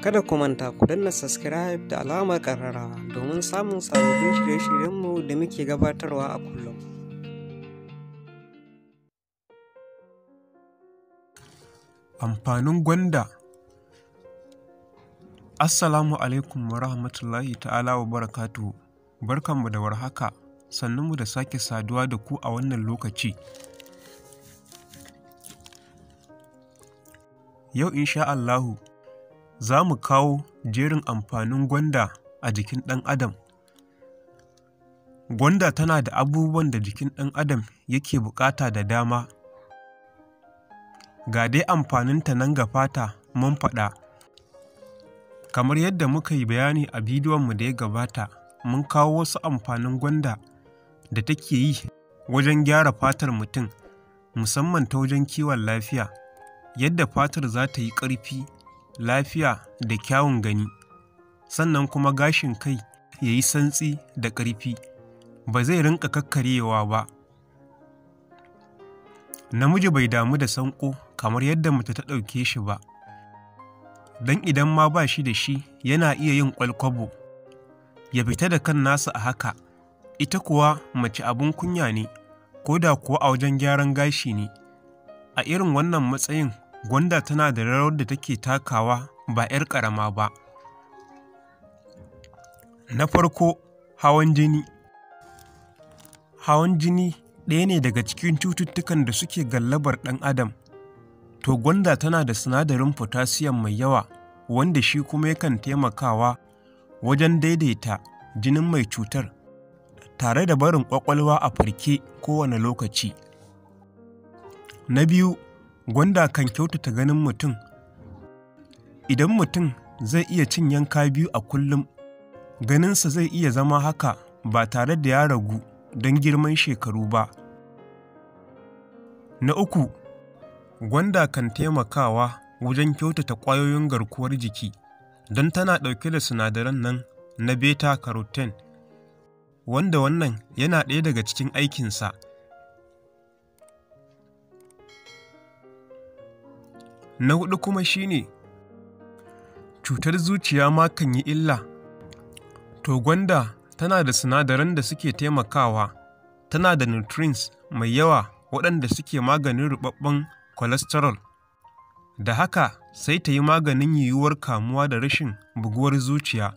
Kada ku manta ku danna subscribe da alamar karara domin samun sababbin shirye-shiryenmu da muke gabatarwa a kullum. Amfanin gwanda Assalamu alaikum wa rahmatullahi ta'ala wa barakatuhu. Barkanmu da warhaka, sannunmu da sake saduwa da ku a wannan lokaci. Yau insha Allahu za mu kawo jerin amfanin gwanda a jikin ɗan adam gwanda tana da abubuwan da jikin ɗan adam yake buƙata da dama ga dai amfaninta nan ga fata mun faɗa kamar yadda muka yi bayani a bidiyonmu da ya gabata mun kawo wasu amfanin gwanda da take yi wajen gyara fatar mutum musamman ta wajen kiwon lafiya yadda fatar za ta yi ƙarfi lafiya da kyawun gani, sannan kuma gashin kai ya yi santsi da ƙarfi, ba zai rinka kakkaryewa ba. Namiji bai damu da sanko kamar yadda mace ta ɗauke shi ba, don idan ma ba shi da shi yana iya yin ƙwalƙwabo, ya fita da kan nasa a haka, ita kuwa mace abin kunya ne, ko da kuwa a wajen gyaran gashi ne. a irin wannan matsayin gwanda tana da rawar da take takawa ba 'yar ƙarama ba. Na farko hawan jini. Hawan jini ɗaya ne daga cikin cututtukan da suke gallabar ɗan adam. To gwanda tana da sinadarin potassium mai yawa wanda shi kuma yakan taimakawa wajen daidaita jinin mai cutar tare da barin ƙwaƙwalwa a farke kowane lokaci. Na biyu gwanda kan kyautata ganin mutum idan mutum zai iya cin yanka biyu a kullum ganinsa zai iya zama haka ba tare da ya ragu don girman shekaru ba na uku gwanda kan taimakawa wajen kyautata ƙwayoyin garkuwar jiki don tana ɗauke da sinadaran nan na beta carotene wanda wannan yana ɗaya daga cikin aikinsa Na hudu kuma shi ne. cutar zuciya ma kan yi illa. To gwanda tana da sinadaran da suke taimakawa, tana da nutrients mai yawa waɗanda suke maganin ruɓaɓɓen cholesterol. Da haka sai ta yi maganin yiwuwar kamuwa da rashin buguwar zuciya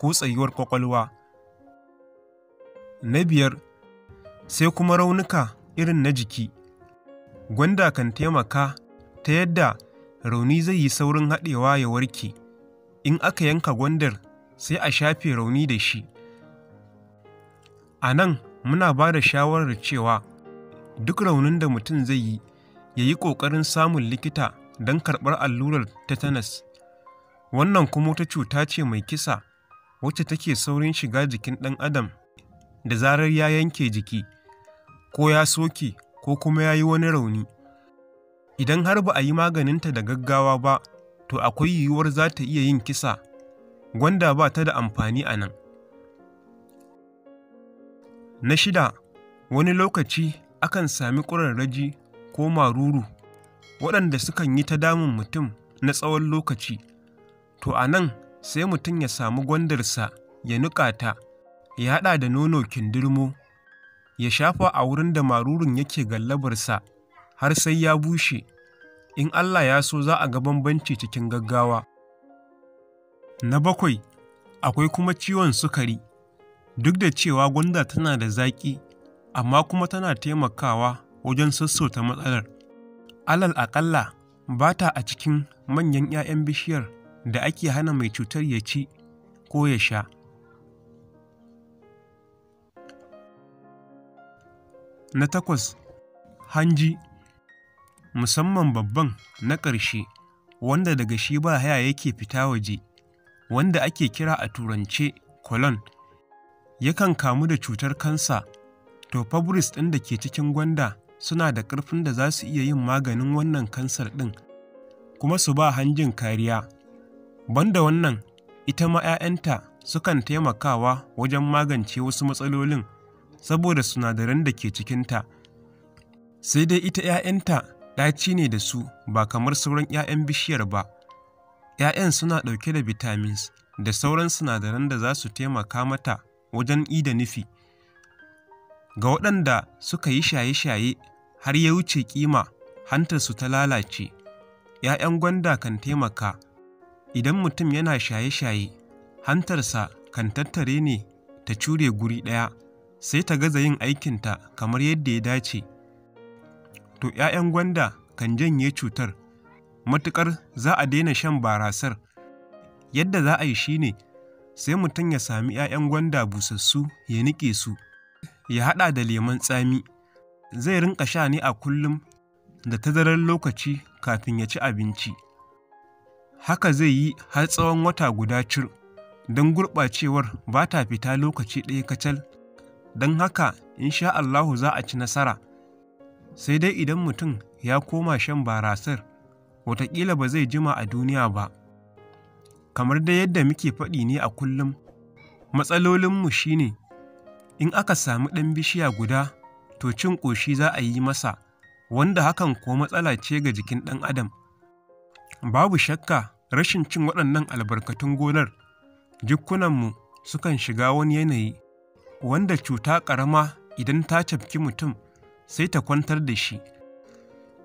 ko tsayuwar kwakwalwa. Na biyar, sai kuma raunuka irin na jiki. Gwanda kan taimaka ta yadda rauni zai yi saurin haɗewa ya warke in aka yanka gwandar sai a shafe rauni da shi a nan muna ba da shawarar cewa duk raunin da mutum zai yi ya yi ƙoƙarin samun likita don karɓar allurar tetanus wannan kuma wata cuta ce mai kisa wacce take saurin shiga jikin ɗan adam da zarar ya yanke jiki ko ya soke ko kuma ya yi wani rauni idan har ba a yi maganinta da gaggawa ba, to akwai yiwuwar za ta iya yin kisa, gwanda ba ta da amfani a nan. Na shida, wani lokaci akan sami ƙurarraji ko maruru waɗanda sukan yi ta damun mutum na tsawon lokaci, to a nan sai mutum ya samu gwandarsa ya nuƙa ya haɗa da nono kindirmo, ya shafa a wurin da marurun yake gallabarsa har sai ya bushe, in Allah ya so za a ga bambanci cikin gaggawa. Na bakwai, akwai kuma ciwon sukari, duk da cewa gwanda tana da zaƙi, amma kuma tana taimakawa wajen sassauta matsalar. Alal aƙalla ba ta a cikin manyan ‘ya'yan bishiyar da ake hana mai cutar ya ci ko ya sha. Na takwas, hanji. musamman babban na ƙarshe wanda daga shi ba haya yake fita waje, wanda ake kira a Turance colon, yakan kamu da cutar kansa, to fabris ɗin da ke cikin gwanda suna da ƙarfin da za su iya yin maganin wannan kansar ɗin, kuma su ba hanjin kariya. Banda wannan, ita ma 'ya'yanta sukan taimakawa wajen magance wasu matsalolin saboda sinadaran da ke cikinta. Sai dai ita 'ya'yanta ɗaci ne da su ba kamar sauran 'ya'yan bishiyar ba. 'Ya'yan suna ɗauke da vitamins da sauran sinadaran da za su taimaka mata wajen ida nufi. Ga waɗanda suka yi shaye-shaye har ya wuce kima su ta lalace, ‘ya'yan gwanda kan taimaka, idan mutum yana shaye-shaye, hantarsa kan tattare ne ta cure guri ɗaya, sai ta gaza yin aikinta kamar yadda ya dace. to ‘ya'yan gwanda kan janye cutar matuƙar za a daina shan barasar. Yadda za a yi shi ne, sai mutum ya sami ‘ya'yan gwanda busassu ya niƙe su, ya haɗa da lemon tsami, zai rinƙa sha ne a kullum da tazarar lokaci kafin ya ci abinci. Haka zai yi har tsawon wata guda cir, don gurɓacewar ba ta fita lokaci ɗaya kacal, don haka, in sha Allahu za a ci nasara. sai dai idan mutum ya koma shan barasar watakila ba zai jima a duniya ba kamar dai yadda muke faɗi ne a kullum matsalolinmu shine in aka sami ɗan bishiya guda to cin ƙoshi za a yi masa wanda hakan ko matsala ce ga jikin ɗan adam babu shakka rashin cin waɗannan albarkatun gonar jikunanmu sukan shiga wani yanayi wanda cuta ƙarama idan ta cafki mutum sai ta kwantar da shi.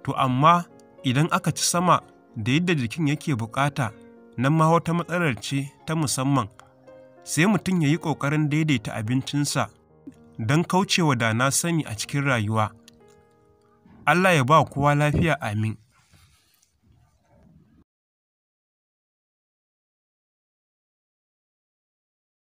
To amma idan aka ci sama da yadda jikin yake bukata nan ma wata matsalar ce ta musamman sai mutum ya yi ƙoƙarin daidaita abincinsa don kaucewa dana sani a cikin rayuwa. Allah ya ba kowa lafiya amin.